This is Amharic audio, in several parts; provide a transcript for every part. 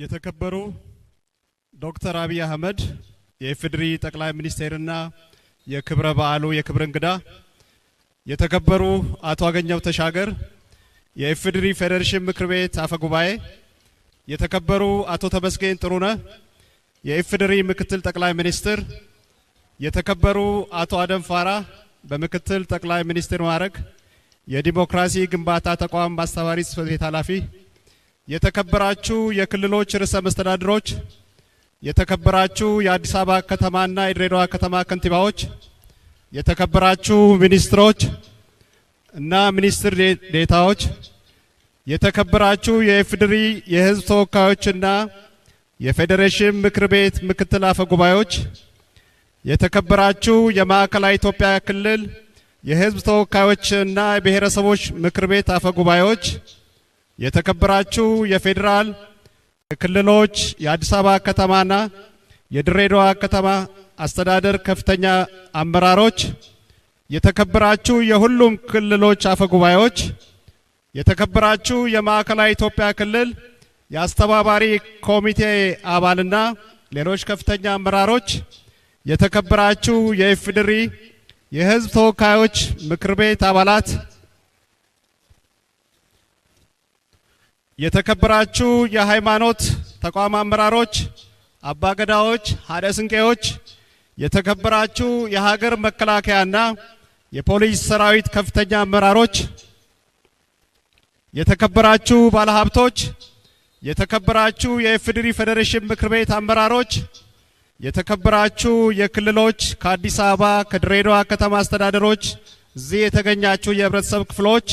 የተከበሩ ዶክተር አብይ አህመድ የኢፌዴሪ ጠቅላይ ሚኒስቴርና የክብረ በዓሉ የክብር እንግዳ፣ የተከበሩ አቶ አገኘው ተሻገር የኢፌዴሪ ፌዴሬሽን ምክር ቤት አፈ ጉባኤ፣ የተከበሩ አቶ ተመስገን ጥሩነ የኢፌዴሪ ምክትል ጠቅላይ ሚኒስትር፣ የተከበሩ አቶ አደም ፋራ በምክትል ጠቅላይ ሚኒስትር ማዕረግ የዲሞክራሲ ግንባታ ተቋም ማስተባበሪያ ጽሕፈት ቤት ኃላፊ የተከበራችሁ የክልሎች ርዕሰ መስተዳድሮች፣ የተከበራችሁ የአዲስ አበባ ከተማና የድሬዳዋ ከተማ ከንቲባዎች፣ የተከበራችሁ ሚኒስትሮች እና ሚኒስትር ዴታዎች፣ የተከበራችሁ የኢፌዴሪ የሕዝብ ተወካዮችና የፌዴሬሽን ምክር ቤት ምክትል አፈ ጉባኤዎች፣ የተከበራችሁ የማዕከላዊ ኢትዮጵያ ክልል የሕዝብ ተወካዮችና የብሔረሰቦች ምክር ቤት አፈ ጉባኤዎች የተከበራችሁ የፌዴራል ክልሎች፣ የአዲስ አበባ ከተማና የድሬዳዋ ከተማ አስተዳደር ከፍተኛ አመራሮች፣ የተከበራችሁ የሁሉም ክልሎች ጉባኤዎች የተከበራችሁ የማዕከላዊ ኢትዮጵያ ክልል የአስተባባሪ ኮሚቴ አባልና ሌሎች ከፍተኛ አመራሮች፣ የተከበራችሁ የኢፌዴሪ የሕዝብ ተወካዮች ምክር ቤት አባላት የተከበራችሁ የሃይማኖት ተቋም አመራሮች፣ አባገዳዎች፣ ሀደ ስንቄዎች፣ የተከበራችሁ የሀገር መከላከያና የፖሊስ ሰራዊት ከፍተኛ አመራሮች፣ የተከበራችሁ ባለሀብቶች፣ የተከበራችሁ የኢፌዴሪ ፌዴሬሽን ምክር ቤት አመራሮች፣ የተከበራችሁ የክልሎች ከአዲስ አበባ ከድሬዳዋ ከተማ አስተዳደሮች፣ እዚህ የተገኛችሁ የህብረተሰብ ክፍሎች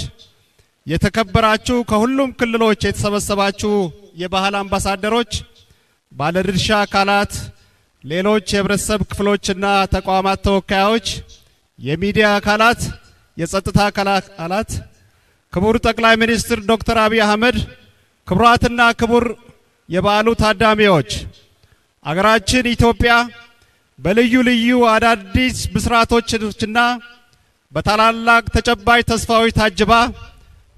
የተከበራችሁ ከሁሉም ክልሎች የተሰበሰባችሁ የባህል አምባሳደሮች፣ ባለድርሻ አካላት፣ ሌሎች የህብረተሰብ ክፍሎችና ተቋማት ተወካዮች፣ የሚዲያ አካላት፣ የጸጥታ አካላት፣ ክቡር ጠቅላይ ሚኒስትር ዶክተር አብይ አህመድ፣ ክቡራትና ክቡር የበዓሉ ታዳሚዎች አገራችን ኢትዮጵያ በልዩ ልዩ አዳዲስ ብስራቶችና በታላላቅ ተጨባጭ ተስፋዎች ታጅባ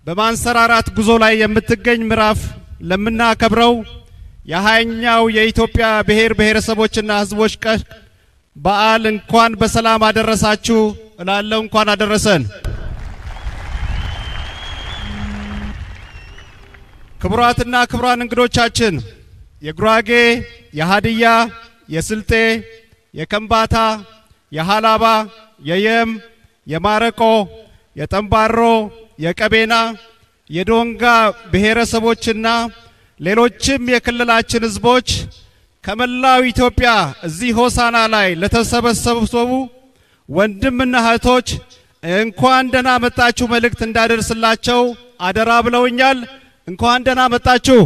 በማንሰራራት ጉዞ ላይ የምትገኝ ምዕራፍ ለምናከብረው የሀያኛው የኢትዮጵያ ብሔር ብሔረሰቦችና ሕዝቦች ቀን በዓል እንኳን በሰላም አደረሳችሁ እላለሁ። እንኳን አደረሰን። ክቡራትና ክቡራን እንግዶቻችን የጉራጌ፣ የሀዲያ፣ የስልጤ፣ የከምባታ፣ የሀላባ፣ የየም፣ የማረቆ የጠንባሮ፣ የቀቤና፣ የዶንጋ ብሔረሰቦችና ሌሎችም የክልላችን ህዝቦች ከመላው ኢትዮጵያ እዚህ ሆሳና ላይ ለተሰበሰቡ ወንድምና እህቶች እንኳን ደህና መጣችሁ መልእክት እንዳደርስላቸው አደራ ብለውኛል። እንኳን ደህና መጣችሁ።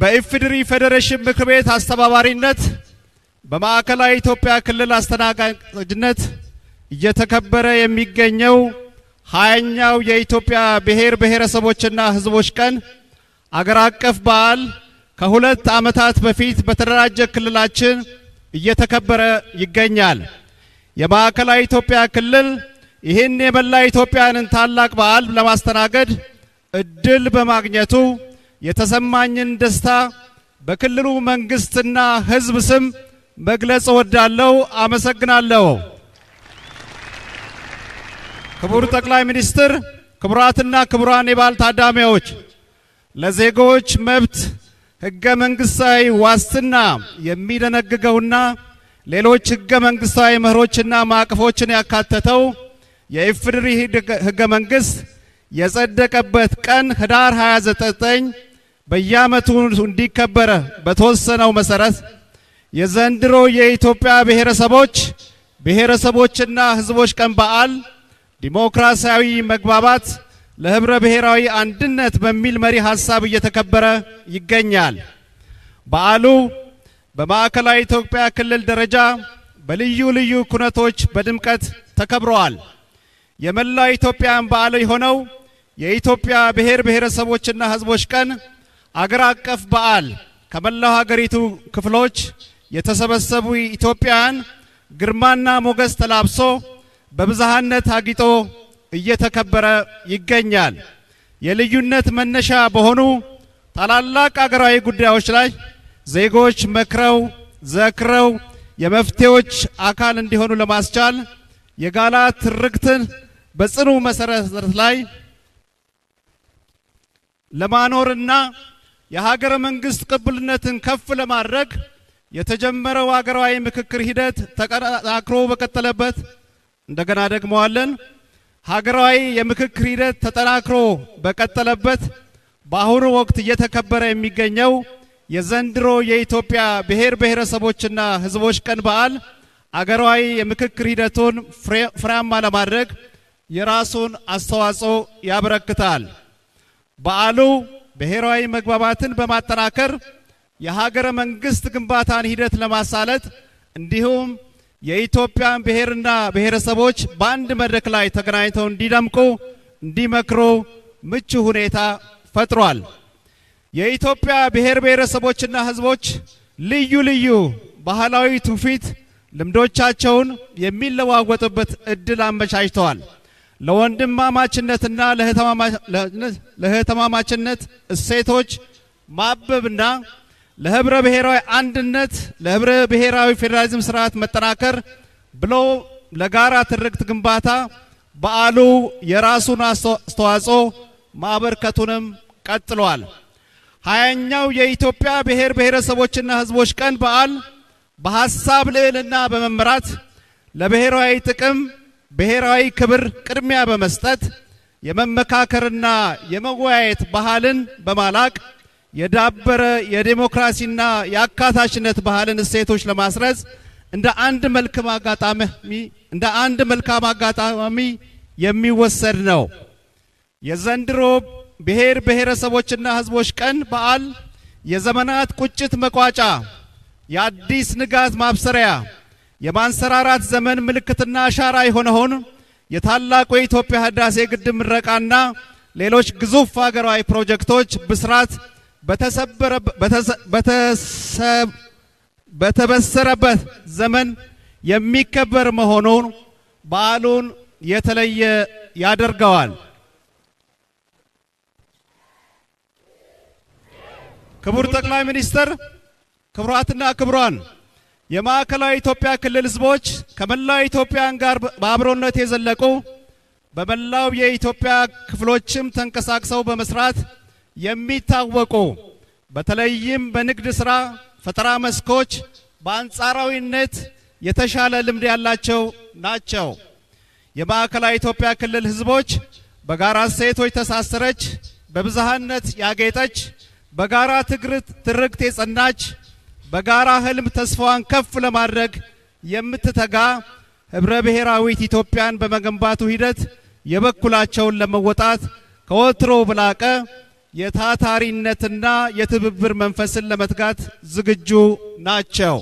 በኢፌዴሪ ፌዴሬሽን ምክር ቤት አስተባባሪነት በማዕከላዊ ኢትዮጵያ ክልል አስተናጋጅነት እየተከበረ የሚገኘው ሀያኛው የኢትዮጵያ ብሔር ብሔረሰቦችና ሕዝቦች ቀን አገር አቀፍ በዓል ከሁለት ዓመታት በፊት በተደራጀ ክልላችን እየተከበረ ይገኛል። የማዕከላዊ ኢትዮጵያ ክልል ይህን የመላ ኢትዮጵያንን ታላቅ በዓል ለማስተናገድ እድል በማግኘቱ የተሰማኝን ደስታ በክልሉ መንግስትና ሕዝብ ስም መግለጽ እወዳለሁ። አመሰግናለሁ። ክቡር ጠቅላይ ሚኒስትር፣ ክቡራትና ክቡራን የበዓል ታዳሚዎች ለዜጎች መብት ህገ መንግስታዊ ዋስትና የሚደነግገውና ሌሎች ህገ መንግስታዊ መርሆችና ማዕቀፎችን ያካተተው የኢፍድሪ ህገ መንግስት የጸደቀበት ቀን ህዳር 29 በየዓመቱ እንዲከበር በተወሰነው መሰረት የዘንድሮ የኢትዮጵያ ብሔረሰቦች ብሔረሰቦችና ሕዝቦች ቀን በዓል ዲሞክራሲያዊ መግባባት ለህብረ ብሔራዊ አንድነት በሚል መሪ ሀሳብ እየተከበረ ይገኛል። በዓሉ በማዕከላዊ ኢትዮጵያ ክልል ደረጃ በልዩ ልዩ ኩነቶች በድምቀት ተከብረዋል። የመላው ኢትዮጵያን በዓል የሆነው የኢትዮጵያ ብሔር ብሔረሰቦችና ሕዝቦች ቀን አገር አቀፍ በዓል ከመላው ሀገሪቱ ክፍሎች የተሰበሰቡ ኢትዮጵያውያን ግርማና ሞገስ ተላብሶ በብዝሃነት አጊጦ እየተከበረ ይገኛል። የልዩነት መነሻ በሆኑ ታላላቅ አገራዊ ጉዳዮች ላይ ዜጎች መክረው ዘክረው የመፍትሄዎች አካል እንዲሆኑ ለማስቻል የጋላ ትርክትን በጽኑ መሰረት ላይ ለማኖርና የሀገረ መንግስት ቅብልነትን ከፍ ለማድረግ የተጀመረው ሀገራዊ ምክክር ሂደት ተጠናክሮ በቀጠለበት እንደገና ደግመዋለን። ሀገራዊ የምክክር ሂደት ተጠናክሮ በቀጠለበት በአሁኑ ወቅት እየተከበረ የሚገኘው የዘንድሮ የኢትዮጵያ ብሔር ብሔረሰቦችና ሕዝቦች ቀን በዓል አገራዊ የምክክር ሂደቱን ፍሬያማ ለማድረግ የራሱን አስተዋጽኦ ያበረክታል። በዓሉ ብሔራዊ መግባባትን በማጠናከር የሀገረ መንግስት ግንባታን ሂደት ለማሳለጥ እንዲሁም የኢትዮጵያን ብሔርና ብሔረሰቦች በአንድ መድረክ ላይ ተገናኝተው እንዲደምቁ እንዲመክሩ ምቹ ሁኔታ ፈጥሯል። የኢትዮጵያ ብሔር ብሔረሰቦችና ሕዝቦች ልዩ ልዩ ባህላዊ ትውፊት ልምዶቻቸውን የሚለዋወጡበት እድል አመቻችተዋል። ለወንድማማችነትና ለእህተማማችነት እሴቶች ማበብና ለህብረ ብሔራዊ አንድነት፣ ለህብረ ብሔራዊ ፌዴራሊዝም ስርዓት መጠናከር ብሎ ለጋራ ትርክት ግንባታ በዓሉ የራሱን አስተዋጽኦ ማበርከቱንም ቀጥሏል። ሀያኛው የኢትዮጵያ ብሔር ብሔረሰቦችና ህዝቦች ቀን በዓል በሀሳብ ልዕልና በመምራት፣ ለብሔራዊ ጥቅም ብሔራዊ ክብር ቅድሚያ በመስጠት የመመካከርና የመወያየት ባህልን በማላቅ የዳበረ የዴሞክራሲና የአካታችነት ባህልን እሴቶች ለማስረጽ እንደ አንድ መልካም አጋጣሚ እንደ አንድ መልካም አጋጣሚ የሚወሰድ ነው። የዘንድሮ ብሔር ብሔረሰቦችና ሕዝቦች ቀን በዓል የዘመናት ቁጭት መቋጫ፣ የአዲስ ንጋት ማብሰሪያ፣ የማንሰራራት ዘመን ምልክትና አሻራ የሆነውን የታላቁ የኢትዮጵያ ህዳሴ ግድብ ምረቃና ሌሎች ግዙፍ ሀገራዊ ፕሮጀክቶች ብስራት በተበሰረበት ዘመን የሚከበር መሆኑን በዓሉን የተለየ ያደርገዋል። ክቡር ጠቅላይ ሚኒስትር፣ ክቡራትና ክቡራን የማዕከላዊ ኢትዮጵያ ክልል ህዝቦች ከመላው ኢትዮጵያን ጋር በአብሮነት የዘለቁ በመላው የኢትዮጵያ ክፍሎችም ተንቀሳቅሰው በመስራት የሚታወቁ በተለይም በንግድ ስራ ፈጠራ መስኮች በአንጻራዊነት የተሻለ ልምድ ያላቸው ናቸው። የማዕከላዊ ኢትዮጵያ ክልል ህዝቦች በጋራ እሴቶች ተሳሰረች፣ በብዝሃነት ያጌጠች፣ በጋራ ትርክት የጸናች፣ በጋራ ህልም ተስፋዋን ከፍ ለማድረግ የምትተጋ ህብረ ብሔራዊት ኢትዮጵያን በመገንባቱ ሂደት የበኩላቸውን ለመወጣት ከወትሮ ብላቀ የታታሪነትና የትብብር መንፈስን ለመትጋት ዝግጁ ናቸው።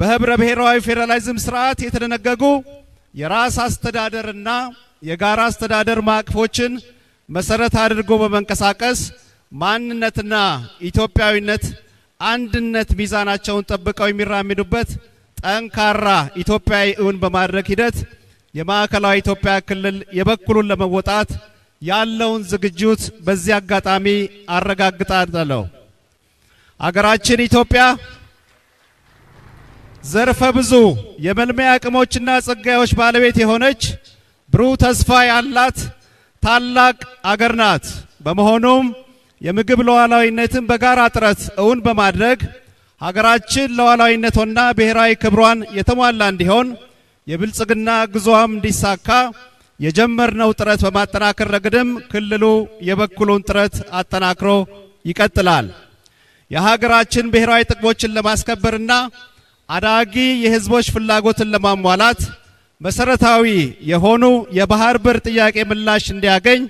በህብረ ብሔራዊ ፌዴራሊዝም ስርዓት የተደነገጉ የራስ አስተዳደርና የጋራ አስተዳደር ማዕቀፎችን መሰረት አድርጎ በመንቀሳቀስ ማንነትና ኢትዮጵያዊነት አንድነት ሚዛናቸውን ጠብቀው የሚራምዱበት ጠንካራ ኢትዮጵያዊ እውን በማድረግ ሂደት የማዕከላዊ ኢትዮጵያ ክልል የበኩሉን ለመወጣት ያለውን ዝግጅት በዚህ አጋጣሚ አረጋግጣለሁ። አገራችን ኢትዮጵያ ዘርፈ ብዙ የመልሚያ አቅሞችና ጸጋዮች ባለቤት የሆነች ብሩህ ተስፋ ያላት ታላቅ አገር ናት። በመሆኑም የምግብ ሉዓላዊነትን በጋራ ጥረት እውን በማድረግ ሀገራችን ሉዓላዊነቷና ብሔራዊ ክብሯን የተሟላ እንዲሆን የብልጽግና ጉዞዋም እንዲሳካ የጀመርነው ጥረት በማጠናከር ረገድም ክልሉ የበኩሉን ጥረት አጠናክሮ ይቀጥላል። የሀገራችን ብሔራዊ ጥቅሞችን ለማስከበርና አዳጊ የህዝቦች ፍላጎትን ለማሟላት መሰረታዊ የሆኑ የባህር በር ጥያቄ ምላሽ እንዲያገኝ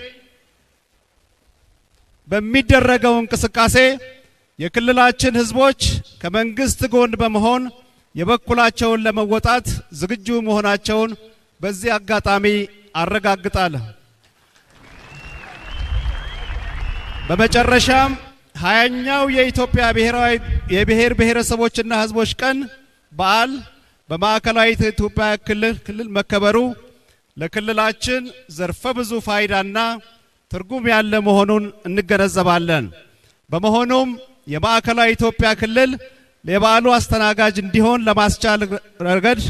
በሚደረገው እንቅስቃሴ የክልላችን ህዝቦች ከመንግስት ጎን በመሆን የበኩላቸውን ለመወጣት ዝግጁ መሆናቸውን በዚህ አጋጣሚ አረጋግጣለሁ። በመጨረሻም ሀያኛው የኢትዮጵያ ብሔራዊ የብሔር ብሔረሰቦችና ሕዝቦች ቀን በዓል በማዕከላዊ ኢትዮጵያ ክልል ክልል መከበሩ ለክልላችን ዘርፈ ብዙ ፋይዳና ትርጉም ያለ መሆኑን እንገነዘባለን። በመሆኑም የማዕከላዊ ኢትዮጵያ ክልል የበዓሉ አስተናጋጅ እንዲሆን ለማስቻል ረገድ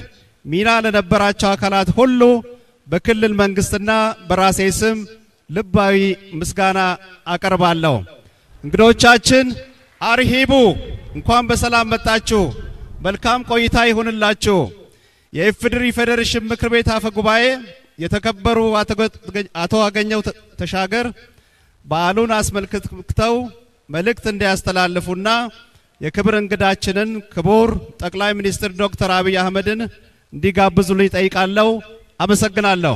ሚና ለነበራቸው አካላት ሁሉ በክልል መንግስትና በራሴ ስም ልባዊ ምስጋና አቀርባለሁ። እንግዶቻችን አርሂቡ፣ እንኳን በሰላም መጣችሁ። መልካም ቆይታ ይሁንላችሁ። የኢፌዴሪ ፌዴሬሽን ምክር ቤት አፈ ጉባኤ የተከበሩ አቶ አገኘው ተሻገር በዓሉን አስመልክተው መልእክት እንዲያስተላልፉና የክብር እንግዳችንን ክቡር ጠቅላይ ሚኒስትር ዶክተር አብይ አህመድን እንዲጋብዙልኝ ጠይቃለሁ። አመሰግናለሁ።